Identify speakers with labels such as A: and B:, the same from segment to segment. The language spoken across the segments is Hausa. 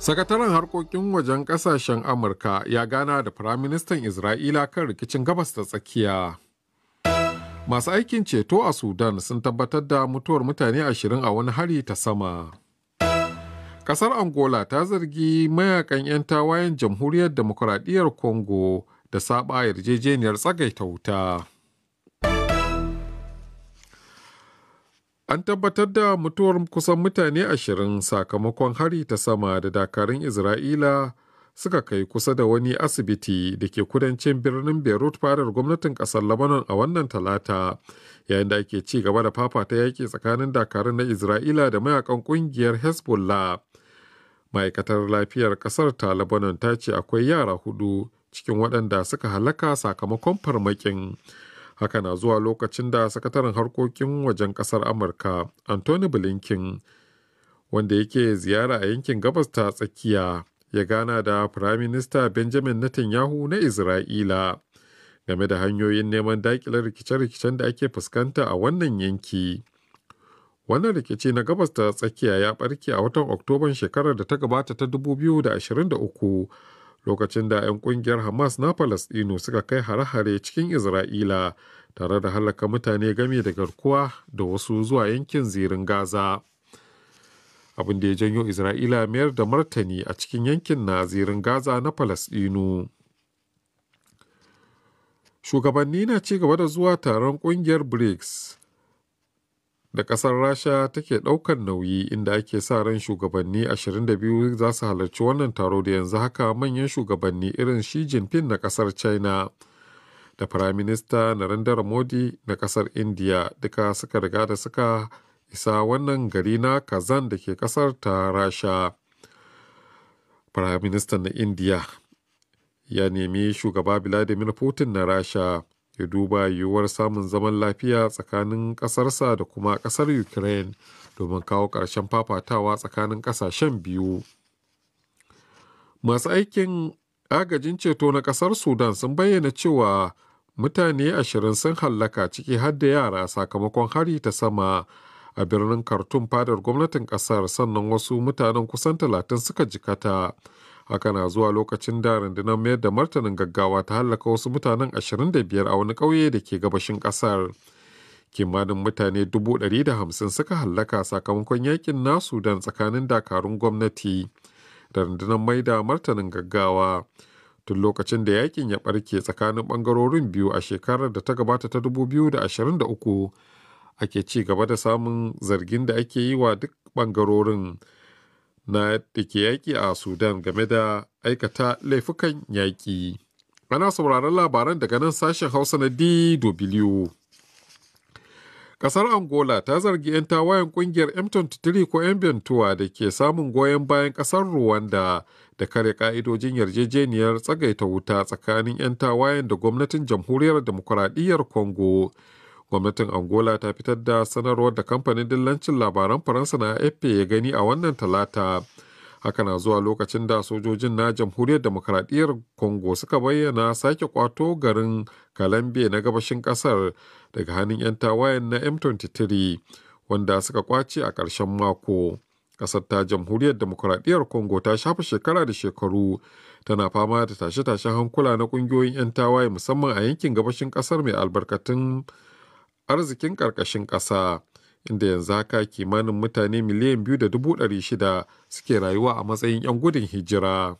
A: Sakataren harkokin wajen kasashen Amurka ya gana da Firaministan Isra'ila kan rikicin gabas da tsakiya. Masu aikin ceto a Sudan sun tabbatar da mutuwar mutane ashirin a wani hari ta sama. Kasar Angola ta zargi mayakan 'yan tawayen Jamhuriyar Demokuraɗiyyar Congo da saɓa yarjejeniyar tsagaita wuta. An tabbatar da mutuwar kusan mutane ashirin sakamakon hari ta sama da dakarun Isra'ila suka kai kusa da wani asibiti da ke kudancin birnin Beirut fadar gwamnatin ƙasar Lebanon a wannan talata yayin da ake ci gaba da fafata yaƙi tsakanin dakarun na Isra'ila da mayakan ƙungiyar Hezbollah. Ma'aikatar lafiyar ƙasar ta Lebanon ta ce akwai yara hudu cikin waɗanda suka halaka sakamakon farmakin. haka na zuwa lokacin da sakataren harkokin wajen kasar amurka anthony blinken wanda yake ziyara a yankin gabas ta tsakiya ya gana da firaminista benjamin netanyahu na isra'ila game da hanyoyin neman dakilar rikice-rikicen da ake fuskanta a wannan yanki wannan rikici na gabas ta tsakiya ya barke a watan oktoban shekarar da ta gabata ta 2023 lokacin da 'yan kungiyar Hamas na Falasɗinu suka kai hare-hare cikin Isra'ila tare da halaka mutane game da garkuwa da wasu zuwa yankin zirin Gaza. Abin da ya janyo Isra'ila mayar da martani a cikin yankin na zirin Gaza na Falasɗinu. Shugabanni na ci gaba da zuwa taron kungiyar BRICS da ƙasar rasha take ɗaukar nauyi inda ake sa ran shugabanni 22 za su halarci wannan taro da yanzu haka manyan shugabanni irin shi jinping na ƙasar china da firaminista narendra modi na ƙasar india duka suka riga da suka isa wannan gari na kazan da ke ƙasar ta rasha firaministan na india ya nemi shugaba vladimir putin na rasha ya duba yiwuwar samun zaman lafiya tsakanin ƙasarsa da kuma ƙasar ukraine domin kawo ƙarshen fafatawa tsakanin ƙasashen biyu masu aikin agajin ceto na ƙasar sudan sun bayyana cewa mutane ashirin sun hallaka ciki har da yara sakamakon hari ta sama a birnin kartun fadar gwamnatin ƙasar sannan wasu mutanen kusan talatin suka jikata. haka na zuwa lokacin da rundunar mayar da martanin gaggawa ta hallaka wasu mutanen 25 a wani ƙauye da ke gabashin ƙasar kimanin mutane 150 suka hallaka sakamakon yakin nasu don tsakanin dakarun gwamnati da rundunar mai da martanin gaggawa tun lokacin da yakin ya barke tsakanin bangarorin biyu a shekarar da ta gabata ta 2023 ake ci gaba da samun zargin da ake yi wa duk bangarorin na da ke yaƙi a Sudan game da aikata laifukan yaƙi. Ana sauraron labaran daga nan sashen Hausa na DW. Kasar Angola ta zargi 'yan tawayen kungiyar M23 ko m bentuwa da ke samun goyon bayan kasar Rwanda da kare ka'idojin yarjejeniyar tsagaita wuta tsakanin 'yan tawayen da gwamnatin jamhuriyar demokuraɗiyyar Congo. gwamnatin angola ta fitar da sanarwar da kamfanin dillancin labaran faransa na afp ya gani a wannan talata haka na zuwa lokacin da sojojin na jamhuriyar demokaradiyyar congo suka bayyana sake kwato garin kalambe na gabashin kasar daga hannun 'yan tawayen na m23 wanda suka kwace a karshen mako ƙasar ta jamhuriyar demokaradiyyar congo ta shafa shekara da shekaru tana fama da tashe-tashen hankula na ƙungiyoyin 'yan tawaye musamman a yankin gabashin kasar mai albarkatun arzikin ƙarƙashin ƙasa inda yanzu haka kimanin mutane miliyan biyu da dubu ɗari shida suke rayuwa a matsayin 'yan gudun hijira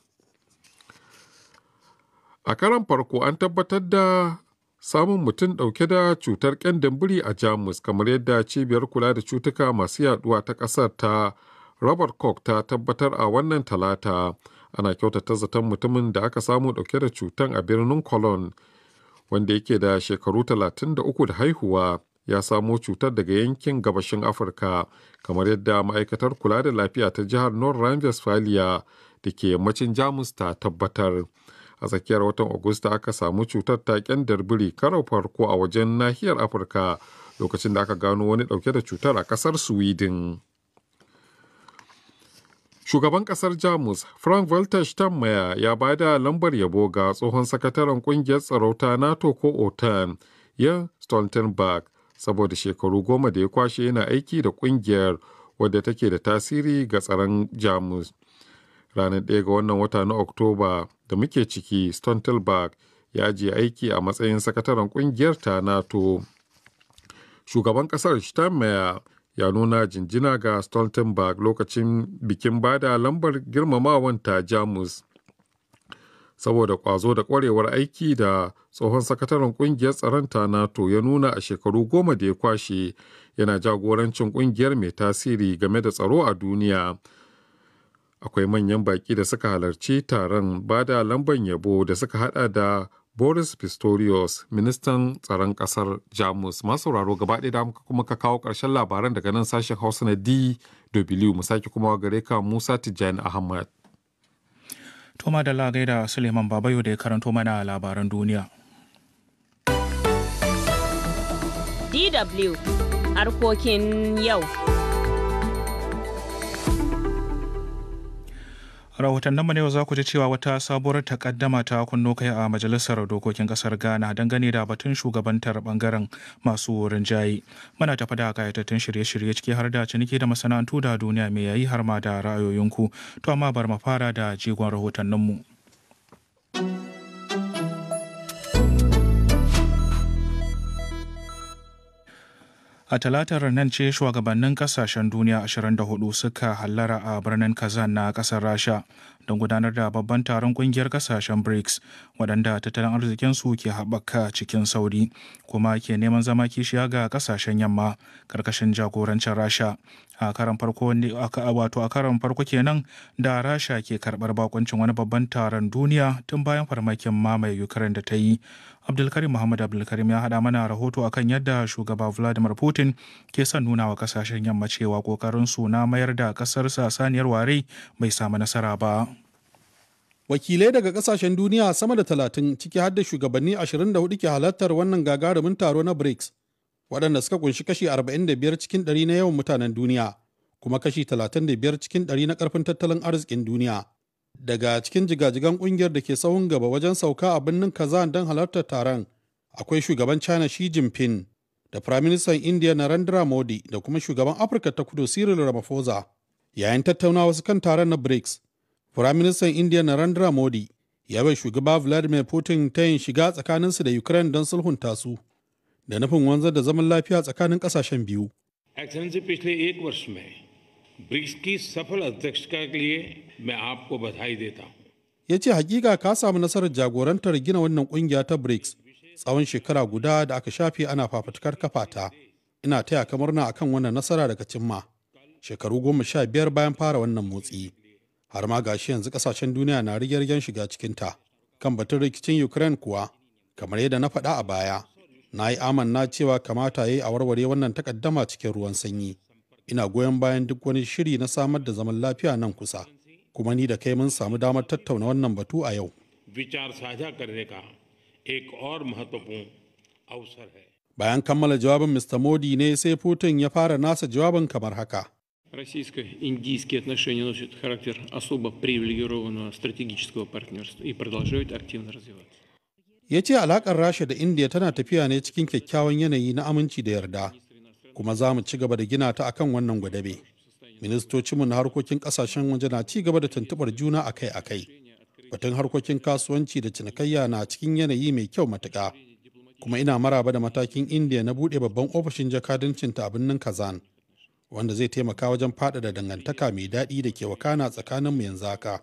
A: a karan farko an tabbatar da samun mutum ɗauke da cutar ƙyandambiri a jamus kamar yadda cibiyar kula da cutuka masu yaduwa ta ƙasar ta robert cook ta tabbatar a wannan talata ana kyautata zaton mutumin da aka samu ɗauke da cutan a birnin cologne wanda yake da shekaru 33 da haihuwa ya samo cutar daga yankin gabashin afirka kamar yadda ma'aikatar kula da lafiya ta jihar north rhine-westphalia da ke yammacin jamus ta tabbatar a tsakiyar watan agusta aka samu cutar ta kyandar biri karar farko a wajen nahiyar afirka lokacin da aka gano wani dauke da cutar a kasar sweden Shugaban ƙasar Jamus Frank Walter Steinmeier ya ba da lambar yabo ga tsohon sakataren ƙungiyar tsarauta ta NATO ko OTAN ya Stoltenberg saboda shekaru goma da ya kwashe yana aiki da ƙungiyar wadda take da tasiri ga tsaron Jamus. Ranar ɗaya ga wannan wata na Oktoba da muke ciki Stoltenberg ya je aiki a matsayin sakataren ƙungiyar ta NATO. Shugaban kasar Steinmeier ya nuna jinjina ga Stoltenberg lokacin bikin bada lambar girmamawan ta Jamus. Saboda kwazo da kwarewar aiki da tsohon sakataren kungiyar tsaron ta NATO ya nuna a shekaru goma da ya kwashe yana jagorancin kungiyar mai tasiri game da tsaro a duniya. Akwai manyan baki da suka halarci taron bada lambar yabo da suka hada da Boris Pistorius, ministan tsaron ƙasar Jamus. masu sauraro gaba ɗaya da muka kuma ka kawo ƙarshen labaran daga nan sashen Hausa na DW mu sake kuma gare ka Musa Tijjani
B: Ahmad. Toma da da Suleiman Babayo da ya karanto mana labaran duniya.
C: DW harkokin yau.
B: rahotannin mu ne za ku ji cewa wata sabuwar takaddama ta kunno kai a majalisar dokokin kasar ghana dangane da batun shugabantar bangaren masu wurin jayi muna tafi da kayatattun shirye-shirye ciki har da ciniki da masana'antu da duniya mai yayi har ma da ra'ayoyinku to amma bar mu fara da jigon rahotanninmu. mu A talatar nan ce shugabannin kasashen duniya 24 suka hallara a birnin Kazan na kasar Rasha don gudanar da babban taron kungiyar kasashen BRICS waɗanda tattalin arzikinsu ke haɓaka cikin sauri kuma ke neman zama kishiya ga kasashen yamma karkashin jagorancin Rasha. A karan farko wato a karan farko kenan da Rasha ke karɓar bakuncin wani babban taron duniya tun bayan farmakin mamaye Ukraine da ta yi abdulkarim muhammad abdulkarim ya hada mana rahoto akan yadda shugaba vladimir putin ke son nuna wa kasashen yamma cewa su na mayar da ƙasarsa saniyar ware bai samu nasara ba wakilai daga kasashen duniya sama da talatin ciki har da
D: shugabanni 24 ke halartar wannan gagarumin taro na brics waɗanda suka kunshi kashi 45 cikin 100 na yawan mutanen duniya kuma kashi 35 cikin 100 na ƙarfin tattalin arzikin duniya daga cikin jigajigan kungiyar da ke tsawon gaba wajen sauka a birnin kazan don halartar taron akwai shugaban china shi jinping da firaministan india narendra modi da kuma shugaban afirka ta kudu cyril ramaphosa yayin tattaunawa su kan taron na brics firaministan indiya narendra modi ya bai shugaba vladimir putin ta yin shiga tsakaninsu da ukraine don sulhunta su da nufin wanzar da zaman lafiya tsakanin kasashen biyu excellency BRICS की सफल अध्यक्षता के लिए मैं आपको बधाई देता ya ce hakika ka samu nasarar jagorantar gina wannan kungiya ta brics tsawon shekara guda da aka shafe ana fafutukar kafata ta ina taya ka murna akan wannan nasara daga cimma shekaru goma sha biyar bayan fara wannan motsi har ma gashi yanzu kasashen duniya na rigyargen shiga cikin ta kan batun rikicin ukraine kuwa kamar yadda na faɗa a baya na yi amanna cewa kamata ya yi a warware wannan takaddama cikin ruwan sanyi ina goyon bayan duk wani shiri na samar da zaman lafiya nan kusa kuma ni da kai mun samu damar tattauna wannan batu a yau bayan kammala jawabin mr modi ne sai putin ya fara nasa jawabin kamar haka Российско-индийские отношения носят Ya ce alaƙar Rasha da Indiya tana tafiya ne cikin kyakkyawan yanayi na aminci da yarda, kuma za mu ci gaba da gina ta akan wannan gwadabe ministocinmu na harkokin kasashen waje na ci gaba da tuntubar juna akai-akai batun harkokin kasuwanci da cinikayya na cikin yanayi mai kyau matuƙa kuma ina maraba da matakin indiya na buɗe babban ofishin jakadancin ta abin kazan wanda zai taimaka wajen faɗaɗa dangantaka mai daɗi da ke wakana tsakaninmu yanzu haka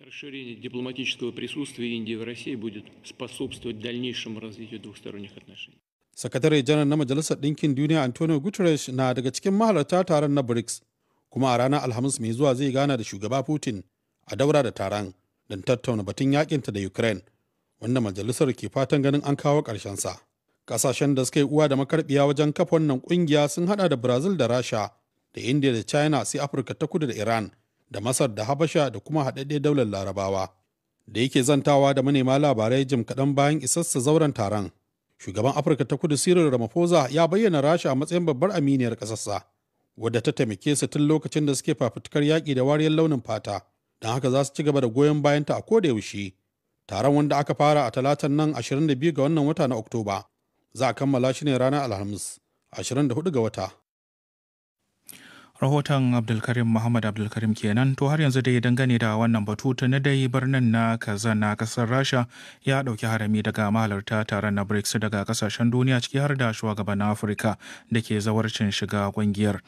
D: расширение дипломатического sakatare janar na majalisar ɗinkin duniya antonio guterres na daga cikin mahalarta taron na brics kuma a ranar alhamis mai zuwa zai gana da shugaba putin a daura da taron don tattauna batun yakinta da ukraine wanda majalisar ke fatan ganin an kawo sa ƙasashen da suka yi uwa da makarbiya wajen kafa wannan ƙungiya sun hada da brazil da rasha da india da china sai afirka ta kudu da iran da masar da habasha da kuma haɗaɗɗe daular larabawa da yake zantawa da manema labarai jim kaɗan bayan isassa zauren taron shugaban afirka ta kudu sirin ramaphosa ya bayyana rasha a matsayin babbar aminiyar ƙasarsa wadda ta taimake su tun lokacin da suke fafutukar yaƙi da wariyar launin fata don haka za su ci gaba da goyon bayanta a ko da yaushe taron wanda aka fara a talatan nan 22 ga wannan wata na oktoba za a kammala shi ne ranar alhamis hudu ga wata
B: rahoton abdulkarim muhammad abdulkarim kenan to har yanzu dai dangane da wannan batu na dai birnin na kazan na kasar rasha ya dauki harami daga mahalarta taron na brics daga kasashen duniya ciki har da shugaban afirka da ke zawarcin shiga kungiyar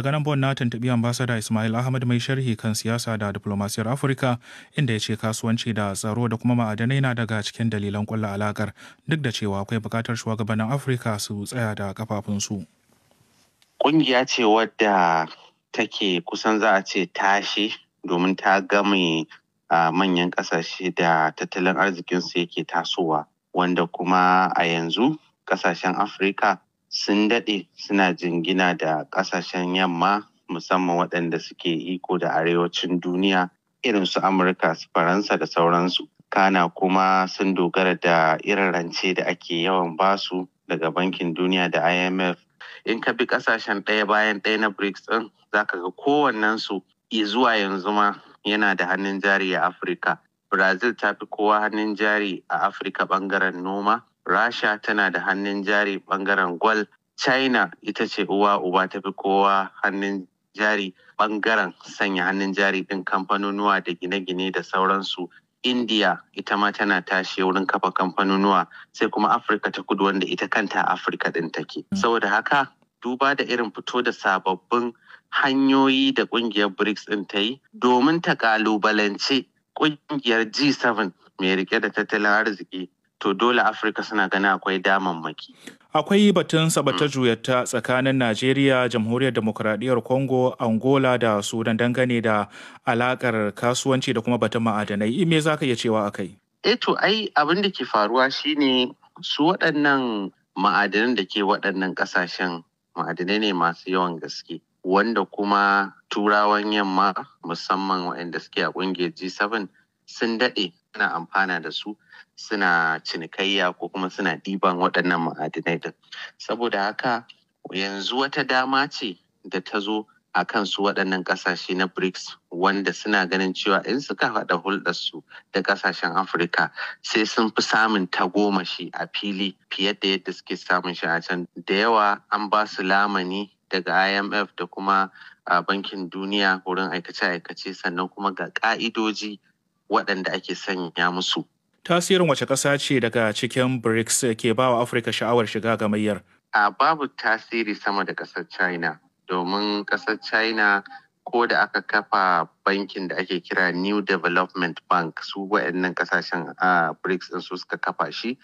B: daga nan bon na tuntubi ambasada ismail ahmad mai sharhi kan siyasa da diplomasiyar afirka inda ya ce kasuwanci da tsaro da kuma ma'adanai na daga cikin dalilan kulla alakar duk da cewa akwai bukatar shugabannin afirka su tsaya da kafafunsu.
E: Ƙungiya ce wadda take kusan za a ce tashi domin ta game a manyan ƙasashe da tattalin arzikinsu yake tasowa wanda kuma a yanzu ƙasashen Afirka sun daɗe suna jingina da ƙasashen yamma musamman waɗanda suke iko da arewacin duniya irin su Amurka su Faransa da sauransu. Kana kuma sun dogara da irin rance da ake yawan basu daga bankin duniya da IMF in ka bi kasashen ɗaya bayan ɗaya na brics ɗin ka ga kowannensu zuwa yanzu ma yana da hannun jari a afirka brazil ta fi kowa hannun jari a afirka bangaren noma rasha tana da hannun jari bangaren gwal china ita ce uwa uba ta fi kowa hannun jari bangaren sanya hannun jari ɗin kamfanonuwa da gine-gine da sauransu india ita ma tana tashi wurin kafa kamfanonuwa sai kuma afirka ta kudu wanda ita kanta afirka din take mm. saboda haka duba da irin fito da sababbin hanyoyi da kungiyar brics din ta yi domin ta kalubalance kungiyar g7 mai rike da tattalin arziki to dole afirka suna ganin akwai damammaki
B: akwai batun sabata mm. juyata tsakanin najeriya jamhuriyar demokuraɗiyyar congo angola da sudan dangane da alakar kasuwanci da kuma batun ma'adanai me za ka iya cewa a kai
E: eh to ai abin da ke faruwa shine su waɗannan ma'adanan da ke waɗannan ƙasashen ma'adanai ne masu yawan gaske wanda kuma turawan yamma musamman waɗanda suke a ƙungiyar g7 sun daɗe ana amfana da su suna cinikayya ko kuma suna ɗiban waɗannan ma'adinai din saboda haka yanzu wata dama ce da ta zo a kan su waɗannan ƙasashe na brics wanda suna ganin cewa in suka haɗa hulɗarsu da ƙasashen afirka sai sun fi samun tagomashi a fili fiye da yadda suke samun shi a can da yawa an ba su lamani daga imf da kuma a bankin duniya wurin aikace-aikace sannan kuma ga ƙa'idoji waɗanda ake sanya musu
B: Tasirin wace ƙasa ce daga cikin BRICS ke bawa Afirka sha'awar shiga gamayyar?
E: A babu tasiri sama da ƙasar China, domin ƙasar China ko da aka kafa bankin da ake kira New Development Bank su waɗannan ƙasashen a BRICS su suka kafa shi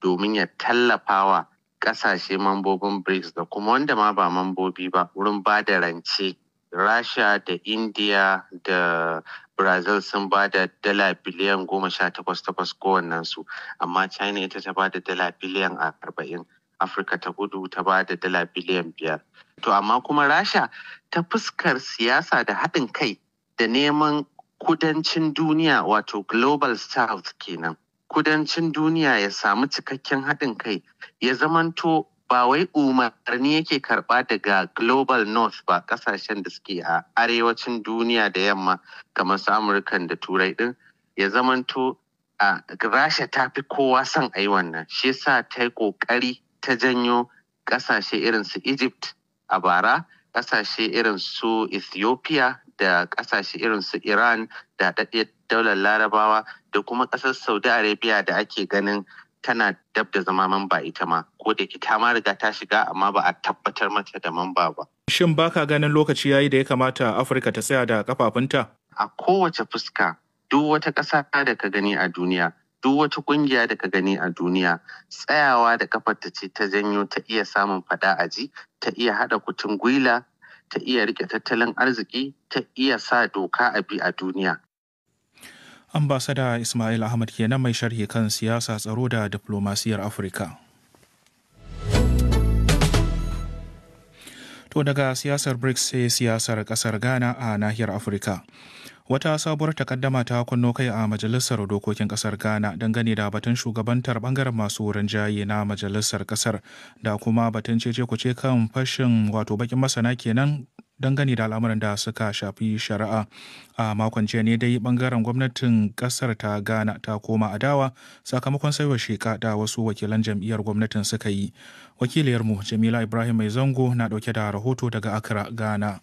E: domin ya tallafawa ƙasashe mambobin BRICS da kuma wanda ma ba mambobi ba wurin ba da rance rasha da india da brazil sun ba da dala biliyan goma sha takwas takwas su. amma china ita ta ba da dala biliyan arba'in afirka ta gudu ta ba da dala biliyan biyar to amma kuma rasha ta fuskar siyasa da haɗin kai da neman kudancin duniya wato global south kenan kudancin duniya ya samu cikakken haɗin kai ya zamanto ba wai umarni yake karba daga global north ba kasashen da suke a arewacin duniya da yamma kamar su amurkan da turai din ya zamanto a rasha ta fi kowa son a yi wannan shi sa ta yi kokari ta janyo kasashe irin su egypt a bara kasashe irin su ethiopia da kasashe irin su iran da daɗe daular larabawa da kuma ƙasar saudi arabia da ake ganin tana dab da zama mamba ita ma ko da ta ma riga ta shiga amma ba a tabbatar mata da mamba ba.
B: Shin baka ganin lokaci ya yi da ya kamata Afirka ta tsaya da kafafunta? A kowace
E: fuska duk wata ƙasa da ka gani a duniya duk wata ƙungiya da ka gani a duniya tsayawa da kafarta ce ta janyo ta iya samun faɗa a ji ta iya haɗa kutun gwila ta iya rike tattalin arziki ta iya sa doka a bi a duniya
B: ambasada ismail ahmad kenan mai sharhi kan siyasa tsaro da diplomasiyar afirka to daga siyasar brics sai siyasar kasar ghana a nahiyar afirka wata sabuwar takaddama ta kunno kai a majalisar dokokin ƙasar ghana dangane da batun shugabantar bangaren masu rinjaye na majalisar ƙasar da kuma batun cece kuce kan fashin wato bakin masana kenan dangane da al'amuran da suka shafi shari'a a makon jiya ne dai bangaren gwamnatin kasar ta gana ta koma adawa sakamakon saiwa sheka da wasu wakilan jam'iyyar gwamnatin suka yi wakiliyarmu jamila ibrahim mai zango na dauke da rahoto daga accra gana.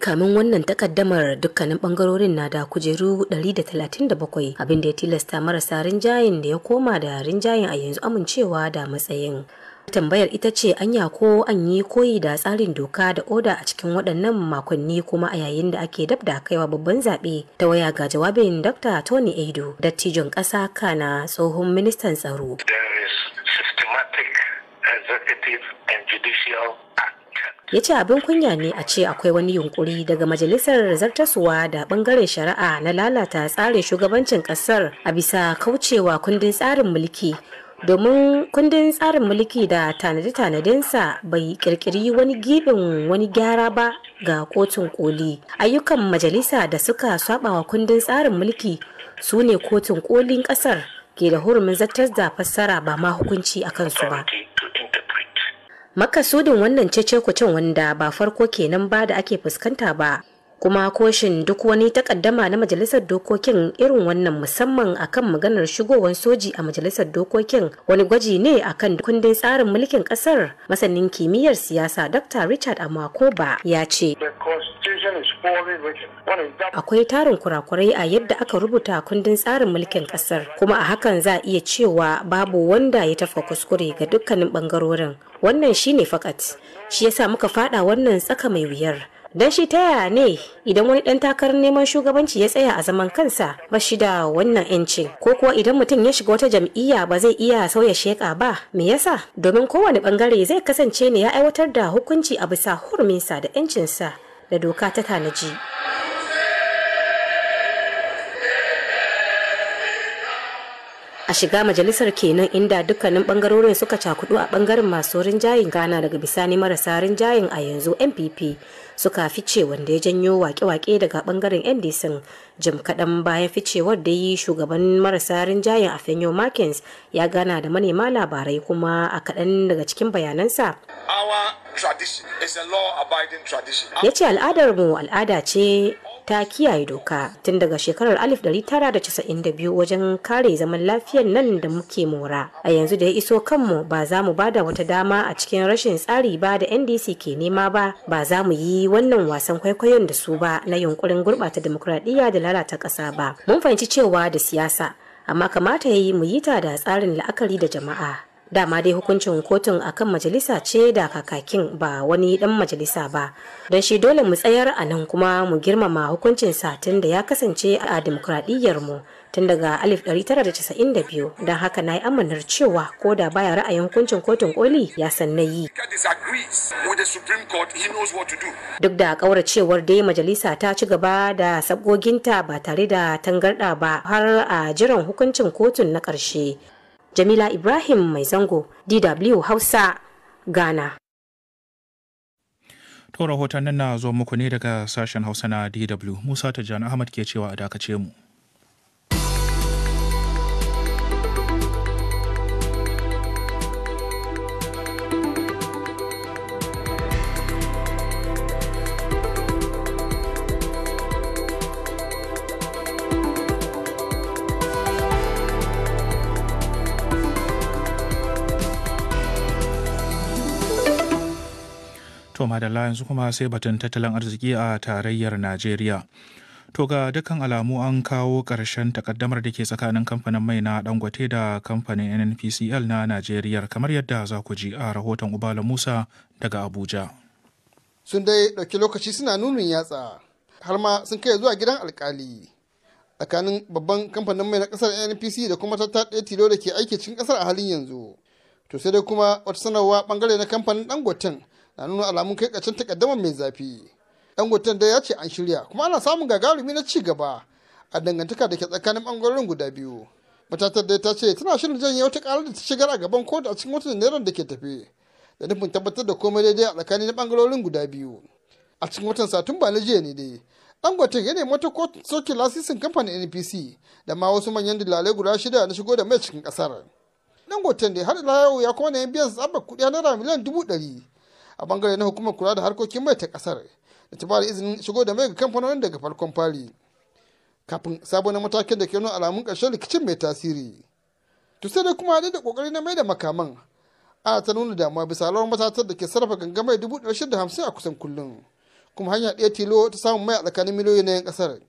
C: kamin wannan takaddamar dukkanin bangarorin na da kujeru 137 abinda ya tilasta marasa rinjayen da ya koma da rinjayen a yanzu amincewa da matsayin Tambayar ita ce anya ko an yi koyi da tsarin doka da oda a cikin waɗannan makonni kuma a yayin da ake dab da kaiwa babban zaɓe ta waya ga jawabin Dr. Tony Edo, dattijon ƙasa kana tsohon ministan tsaro. ya ce abin kunya ne a ce akwai wani yunkuri daga majalisar zartaswa da bangaren shari'a na lalata tsarin shugabancin kasar a bisa kaucewa kundin tsarin mulki domin kundin tsarin mulki da tanade-tanadinsa bai kirkiri wani gibin wani gyara ba ga kotun koli ayyukan majalisa da suka saba wa kundin tsarin mulki su ne kotun kolin kasar ke da hurumin zartar da fassara ba ma hukunci a kansu ba makasudin wannan cece wanda ba farko kenan ba da ake fuskanta ba kuma koshin duk wani takaddama na majalisar dokokin irin wannan musamman akan maganar shigowar soji a majalisar dokokin wani gwaji ne akan kundin tsarin mulkin kasar masanin kimiyyar siyasa dr richard amakoba ya ce akwai tarin kurakurai a yadda aka rubuta kundin tsarin mulkin kasar kuma a hakan za a iya cewa babu wanda ya tafa kuskure ga dukkanin bangarorin wannan shine fakat shi yasa muka fada wannan tsaka mai wuyar don shi ta yaya ne idan wani dan takarar neman shugabanci ya tsaya a zaman kansa ba shi da wannan yancin ko kuwa idan mutum ya shiga wata jam'iyya ba zai iya sauya sheka ba me yasa domin kowane bangare zai kasance ne ya aiwatar da hukunci a bisa hurminsa da yancinsa da doka ta tanaji. a shiga majalisar kenan inda dukkanin bangarorin suka cakudu a bangaren masu rinjayen gana daga bisani marasa rinjayen a yanzu npp suka fice wanda ya janyo wake-wake daga bangaren ndc jim kaɗan bayan ficewar da yi shugaban marasa rinjayen a fenyo markins ya gana da manema labarai kuma a kaɗan daga cikin bayanansa ya ce al'adarmu al'ada ce ta kiyaye doka tun daga shekarar 1992 wajen kare zaman lafiyar nan da muke mora a yanzu da ya iso kanmu ba za mu bada wata dama a cikin rashin tsari ba da ndc ke nema ba ba za mu yi wannan wasan kwaikwayon da su ba na yunkurin gurɓata demokuraɗiyya da lalata ƙasa ba mun fahimci cewa da siyasa amma kamata ya yi mu yi ta da tsarin la'akari da jama'a dama dai hukuncin kotun akan majalisa ce da kakakin ba wani dan majalisa ba don shi dole mu tsayar a nan kuma mu girmama hukuncin satin da ya kasance a dimokuraɗiyyar mu tun daga 1992 don haka na yi amanar cewa ko da baya ra'ayin hukuncin kotun koli ya san na yi duk da kauracewar dai majalisa ta ci gaba da sabgoginta ba tare da tangarɗa ba har a jiran hukuncin kotun na ƙarshe Jamila Ibrahim mai zango DW Hausa Ghana.
B: To rahoton nan na zo muku ne daga sashen Hausa na DW Musa Tijjani Ahmad ke cewa a dakace mu. madalla yanzu kuma sai batun tattalin arziki a tarayyar Najeriya. To ga dukkan alamu an kawo ƙarshen takaddamar da ke tsakanin kamfanin mai na Dangote da kamfanin NNPCL na Najeriya kamar yadda za ku ji a rahoton Ubala Musa daga Abuja.
F: Sun dai ɗauki lokaci suna nunin yatsa har ma sun kai zuwa gidan alkali tsakanin babban kamfanin mai na ƙasar NNPC da kuma tattaɗe tilo da ke aiki cikin ƙasar a halin yanzu. To sai dai kuma wata sanarwa ɓangare na kamfanin Dangoten na nuna alamun kai kacin takaddamar mai zafi dan gutan da ya ce an shirya kuma ana samun gagarumi na ci gaba a dangantaka da ke tsakanin bangarorin guda biyu matatar da ta ce tana shirin janye wata karar da ta shigar a gaban kotu a cikin watan naira da ke tafe da nufin tabbatar da komai daidai a tsakanin bangarorin guda biyu a cikin watan satumba na jiya ne dai dangote ya nemi wata kotun soke lasisin kamfanin npc da ma wasu manyan dalilai guda shida na shigo da mai cikin kasar dangote ne har ila yau ya kuma nemi biyan tsabar kuɗi naira miliyan dubu ɗari a bangare na hukumar kula da harkokin mai ta kasar da ta bada izinin shigo da mai ga kamfanonin daga farkon fali. kafin sabon matakin da ke nuna alamun ƙarshen rikicin mai tasiri to sai dai kuma da da kokari na mai da makaman ana ta nuna damuwa bisa lawan matatar da ke sarrafa gangamai dubu da shida hamsin a kusan kullum kuma hanya ɗaya tilo ta samun mai a tsakanin miliyoyi na 'yan ƙasar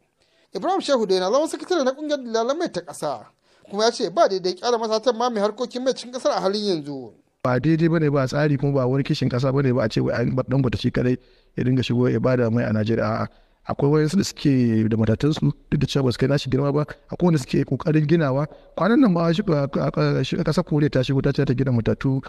F: ibrahim shehu da yana lawan sakatare na ƙungiyar dalalan mai ta ƙasa kuma ya ce ba daidai kyara matatar ma mai harkokin mai cikin ƙasar a halin yanzu ba daidai bane ba tsari kuma ba wani kishin kasa bane ba a ce wai an bar dangote shi kadai ya dinga shigo ya bada mai a Najeriya a'a akwai wayansu da suke da matatan su duk da cewa ba su kai nashi girma ba akwai wanda suke kokarin ginawa kwanan nan a shi kasa Koriya ta shigo ta ce ta gina matatu